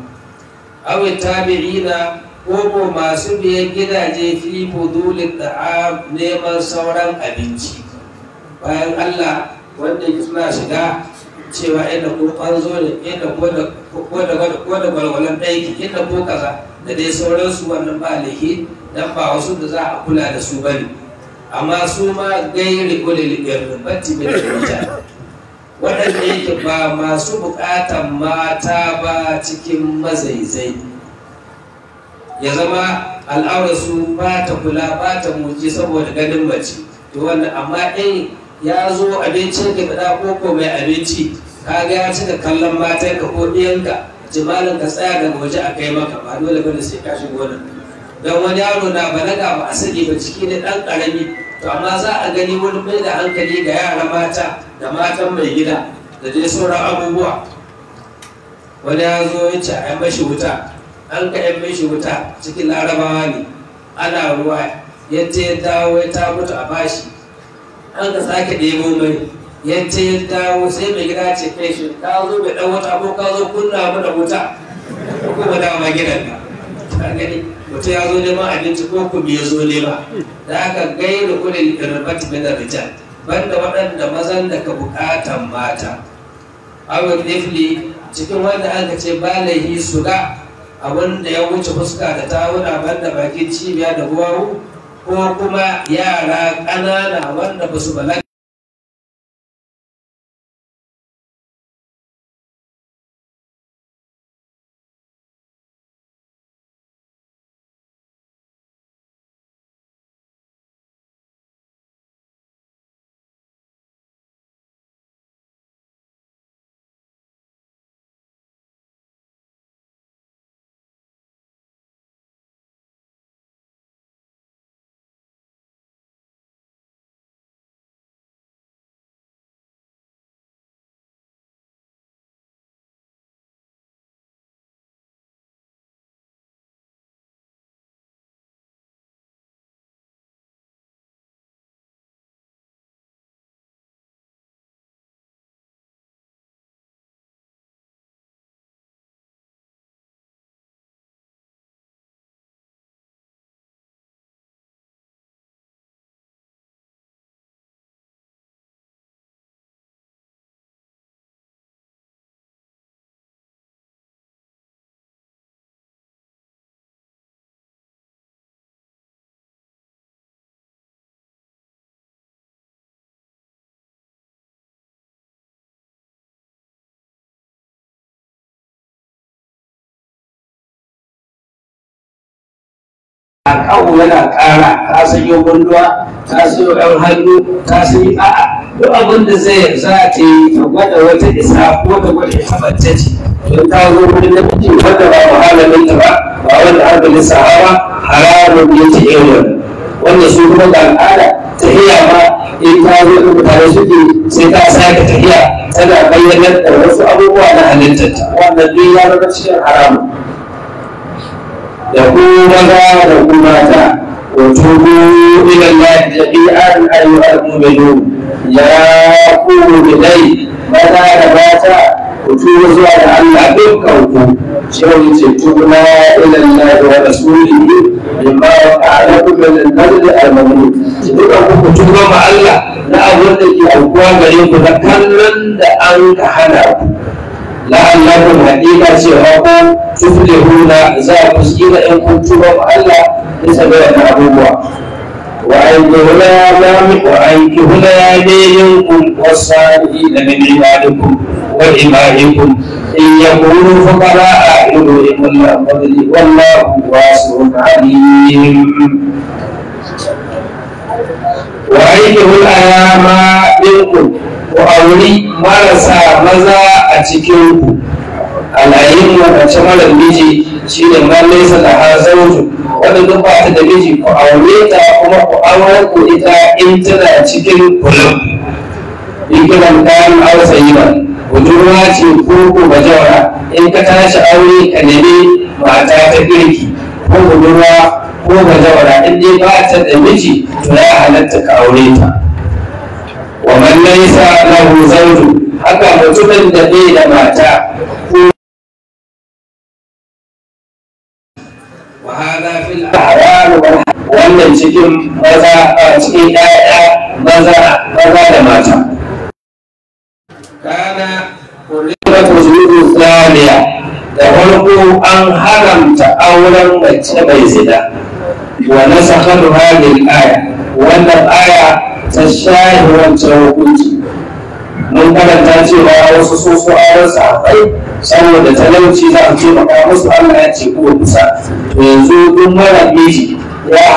awi tabi'ina ko ko masu biyan gidaje fi fudulin da a neman sauran abinci bayan allah wanda suna shiga cewa yadda ko zo ne ko da walwalan ɗaiki yadda ko kaza da dai sauransu wannan ba laifi dan ba wasu da za a kula da su bane amma su ma gairi ulil irbati bil hijab waɗanda yake ba masu buƙatan mata ba cikin mazaizai ya zama al'aurarsu ba ta kula ba ta muji saboda ganin mace to wannan amma ɗin ya zo abincin ka faɗa ko mai abinci ka gaya ya cika kallon matan ka ko ɗiyanka jimalin ka tsaya daga waje a kai maka ba dole ba da sai ka shigo nan don wani yaro na balaga ba a sani ba ciki ne ɗan ƙarami to amma za a gani wani mai da hankali ga yara mata da matan mai gida da dai sauran abubuwa wani ya zo ya ce a mashi wuta an ka yan mashi wuta cikin larabawa ne ana ruwa yadda ya dawo ya ta mutu a bashi an ka sake ɗebo mai yadda ya dawo sai mai gida ce kai shi ka zo mai dan wata ko ka zo kunna da wuta ko kuma dama gidan ka gani mutum ya zo neman abinci ko kuma bai zo nema da aka gaira kudin irbati min rijal banda waɗanda mazan da ka buƙatan mata awil ifli cikin wanda aka ce balahi suga abin da ya wuce fuska da tawuna banda bakin cibiya da buwawu ko kuma yara ƙanana wanda ba su balaga akawu yana ƙara ka yau gunduwa ta sayo ɗan hannu ta sayi a'a duk abin da zai za ta yi ta gwada wata isa ko ta gwada ita mace don ta zo wani namiji wanda ba malamin ta ba ba wanda hankalin sahara haramun ya ce irin wanda su kuma da al'ada ta tahiya ma in ta zo da mutane suke sai ta sake ta tahiya tana bayyana da wasu abubuwa na ta wannan duk ya zama cikin haramun da ku maza da ku mata wa tubu ila Allah jami'an ayyuhal mu'minun ya ku bidai maza da mata ku tuba zuwa ga Allah dukkan ku shi ni ce tubuna ila Allah wa rasulihi bima wa'adakum min al-fadl al-mamnun dukkan ku tuba ma Allah na abin da ke aukuwa gare ku na kallon da an ka hana ku la'allakum haqiqa cewa ku tuflihuna za ku tsira in kun tuba ma Allah bisa ga wannan abubuwa wa ya yami wa ayyuhuna kun wasari da min ibadikum wa ima'aikun. in yakunu fuqara a'idukum Allah fadli wallahu wasi'un alim wa ayyuhul ayama minkum wa auri marasa maza a cikin ku al'ayyimu mace mara miji shi ne ma laisa da ha zauju ba ta da miji ku aure ta kuma ku aure ku ita in tana cikin kulub ikiran kayan Hausa yi ba budurwa ce ko ko in ka tashi aure ka nemi mata ta girki ko budurwa ko bajawara in dai ba ta da miji to ya halatta ka aure ta wa man na lahu zawju haka mutumin da bai da mata ko cikin maza a cikin ƴaƴa maza maza da mata kana kurimatu zuwa tsariya da farko an haramta auren mace mai zina wa na hadhihi al-aya wannan aya ta shahi wancan hukunci mun karanta cewa wasu so su auren akwai, saboda talauci za a ce maka musu Allah ya ce ko bisa to yanzu duk mara miji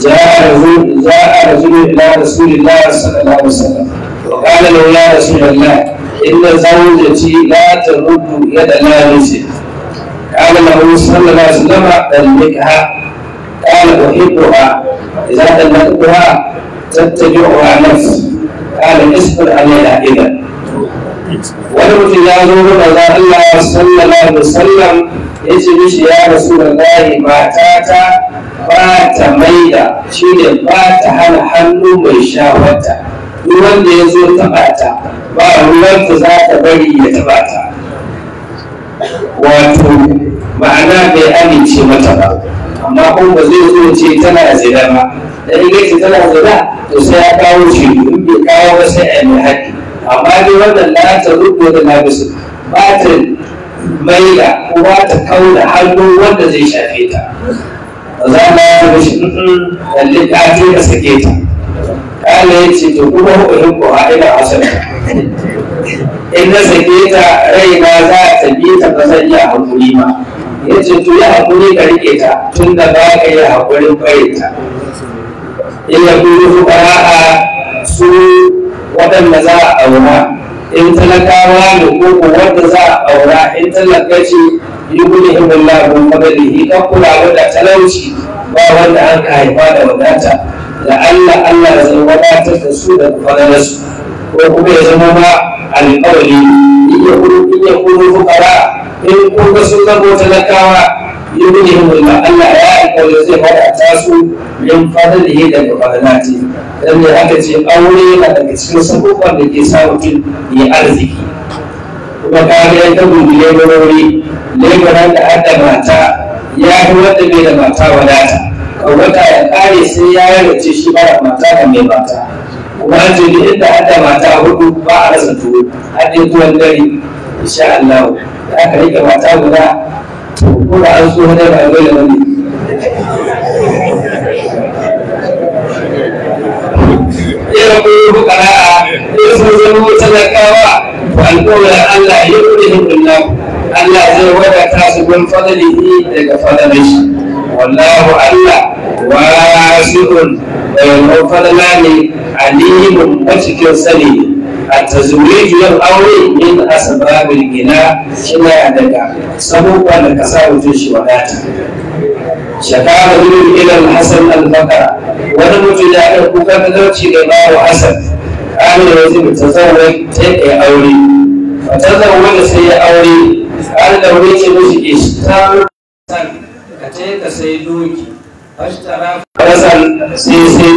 جاء رجل جاء رجل الى رسول الله صلى الله عليه وسلم وقال له يا رسول الله ان زوجتي لا ترد يد لابسه قال له صلى الله عليه وسلم طلقها قال احبها اذا طلقتها تتبعها نفسي قال اصبر عليها اذا wani mutum ya zo ga maza Allah sallallahu alaihi wasallam ya ce mishi ya rasulullahi matata ba ta maida shi ba ta hana hannu mai shawarta duk wanda ya zo taɓa ta ba ruwanta za ta bari ya taɓa ta wato ma'ana bai amince mata ba amma kuma ba zai zo ce tana zina ba da in tana zira to sai ya kawo shi in bai kawo ba sai a yi amma dai wannan la ta rubu da labisu ba ta maila ko ba ta kauna hannu wanda zai shafe ta ba za ta yi mashi lalle ta ce ka sake ta kala ya ce to kuma hukumin ko a ina hasana in na sake ta raina za ta bi ta ba zan yi hankuri ba ya ce to yi hankuri ka rike ta tun da ba ka yi hankurin barinta. ta. Ina kuma fukara a su waɗanda za a aura in talakawa ne ko ko wanda za a aura in talaka ce yi yuguni himmallah bin fadlihi ka kula da talauci ba wanda an ka haifa da wadata da Allah Allah zai wadatar da su da fadalarsu ko kuma ya zama ba alƙawari in ya kuru fukara in kuma sun zama talakawa lokacin wanda Allah ya alƙawarin zai fara taso don fadar da ya daga fadala don da aka ce aure yana daga cikin sabubban da ke sa mutum ya arziki kuma kare ya tabo da lebarori lebaran da haɗa mata ya fi wanda bai da mata wadata kawata ya kare sai ya rarrace shi ba da mata da mai mata kuma an ce duk inda haɗa mata hudu ba a rasa tuwo haɗin tuwon dare insha Allah da aka rike mata guda ko an so hada ba a gaida ba ne irin koyo bukara irin sun zama talakawa to alƙawarin Allah ya kuɗe hindun nan Allah zai wadata su bin fadlihi daga fadlishi wallahu Allah wa wasi'un bai fadla ne alimun cikin sani a tazuriyar aure yadda asa babu gina shina ya daga sabuwa da kasa mutum shi wadata shakara biyu ilan hasan al-bakara wani mutum ya ɗan kuka ta gauci da ba wa hasan ƙari da wasu ta zaure ta ɗaya aure a ta zaure sai ya aure ƙari da wani ce mashi ke shi san ka ce ka sai doki fashtara fasan sai sai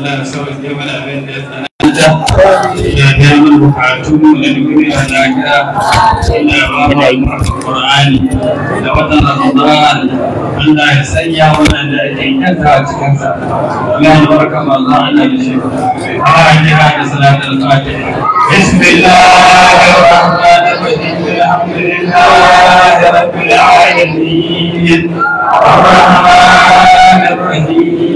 لا سوى ولا بين أنت يا دائما وحاتم لنبي هلاك إلا بابا القرآن لوطن رمضان Allah ya sanya wannan da ake yanka a cikinsa. Allah ya barka manzo Allah da shi. Allah ya kira da salatul fatih. Bismillahirrahmanirrahim. Alhamdulillahi rabbil alamin. Arrahmanirrahim.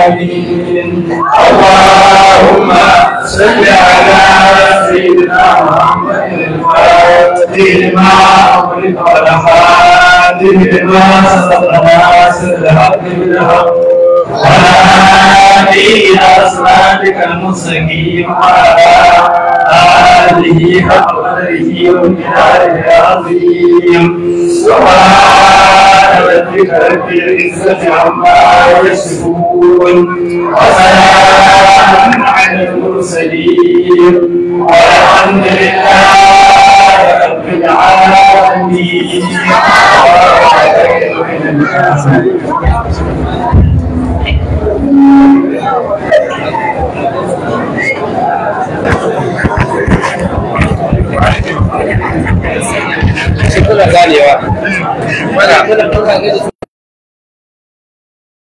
العالمين اللهم صل على سيدنا محمد الفاتح لما أغلق والحادي لما سبق ولا أصحابك المستقيم على آله حق قدره ومنهاره العظيم سبحان ربك رب العزة عما يصفون وسلام على المرسلين والحمد لله رب العالمين Thank you. shi kuna ganewa